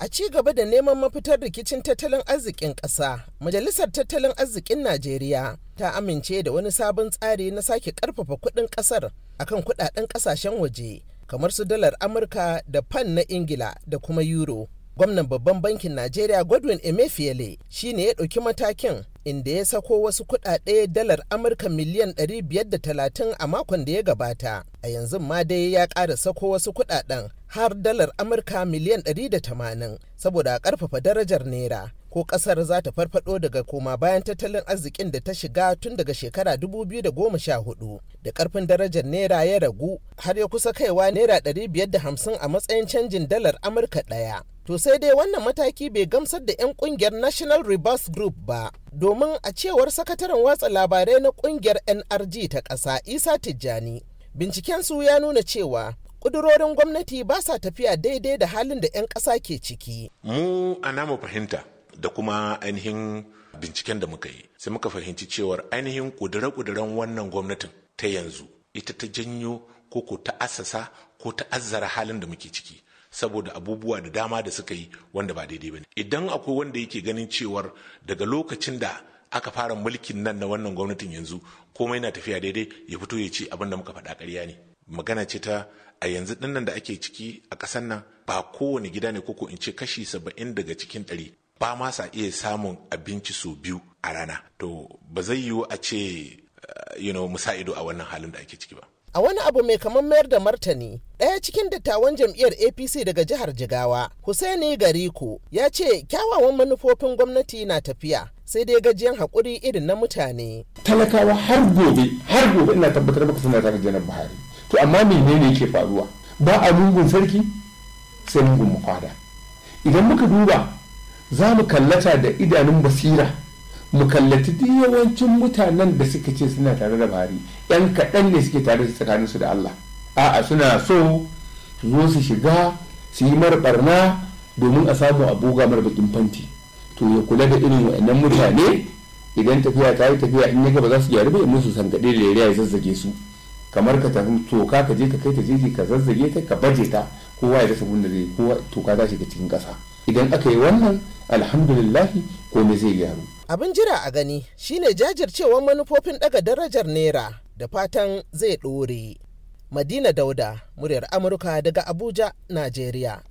A ci gaba da neman mafitar rikicin tattalin arzikin ƙasa, Majalisar Tattalin Arzikin Najeriya ta amince da wani sabon tsari na sake ƙarfafa kuɗin ƙasar akan kuɗaɗen ƙasashen waje, kamar su dalar Amurka da fan na Ingila da kuma Euro. Gwamnan Babban Bankin Najeriya Godwin Emefiele shi ne ya ɗauki matakin inda ya sako wasu kuɗaɗe dalar Amurka miliyan 530 a makon da ya gabata. A yanzu ma dai ya ƙara sako wasu kuɗaɗen har dalar Amurka miliyan 180 saboda a ƙarfafa darajar Naira. ko kasar za ta farfado daga koma bayan tattalin arzikin da ta shiga tun daga shekara 2014 da karfin darajar naira ya ragu har ya kusa kaiwa naira 550 a matsayin canjin dalar amurka daya to sai dai wannan mataki bai gamsar da 'yan kungiyar national rebus group ba domin a cewar sakataren watsa labarai na kungiyar nrg ta ƙasa isa tijjani bincikensu ya nuna cewa ƙudurorin gwamnati ba sa tafiya daidai da halin da 'yan ƙasa ke ciki mu a namu fahimta da kuma ainihin binciken da muka yi sai muka fahimci cewar ainihin kudure-kuduren wannan gwamnatin ta yanzu ita ta janyo ko ko ta asasa ko ta azzara halin da muke ciki saboda abubuwa da dama da suka yi wanda ba daidai ba idan akwai wanda yake ganin cewar daga lokacin da aka fara mulkin nan na wannan gwamnatin yanzu komai na tafiya daidai ya fito ya ce abin da muka faɗa ƙarya ne magana ce ta a yanzu dinnan da ake ciki a ƙasar nan ba kowane gida ne ko in ce kashi saba'in daga cikin ɗari ba ma sa iya samun abinci sau biyu a rana to ba zai yiwu a ce eh, you know musa ido a wannan halin da ake ciki ba a wani abu mai kamar mayar da martani ɗaya cikin dattawan jam'iyyar apc daga jihar jigawa husaini gariko ya ce kyawawan manufofin gwamnati na tafiya sai dai gajiyan haƙuri irin na mutane talakawa har gobe har gobe ina tabbatar maka suna ta janar buhari to amma menene ke faruwa ba a lungun sarki sai lungun mukwada idan muka duba za mu kallata da idanun basira mu kallaci duk yawancin mutanen da suka ce suna tare da bari yan kaɗan ne suke tare da tsakaninsu da allah a'a suna so su zo su shiga su yi mara barna domin a samu a buga mara bakin fanti to ya kula da irin wa'annan mutane idan tafiya ta yi tafiya in ya ba za su gyaru ba musu sangaɗe da yare ya zazzage su kamar ka tafi toka ka je ka kai ta jeji ka zazzage ta ka baje ta kowa ya rasa abin zai kowa toka ta shiga cikin ƙasa idan aka yi wannan alhamdulillah komai zai gyaru abin jira a gani shine jajircewar manufofin daga darajar naira da fatan zai ɗore madina dauda muryar amurka daga abuja najeriya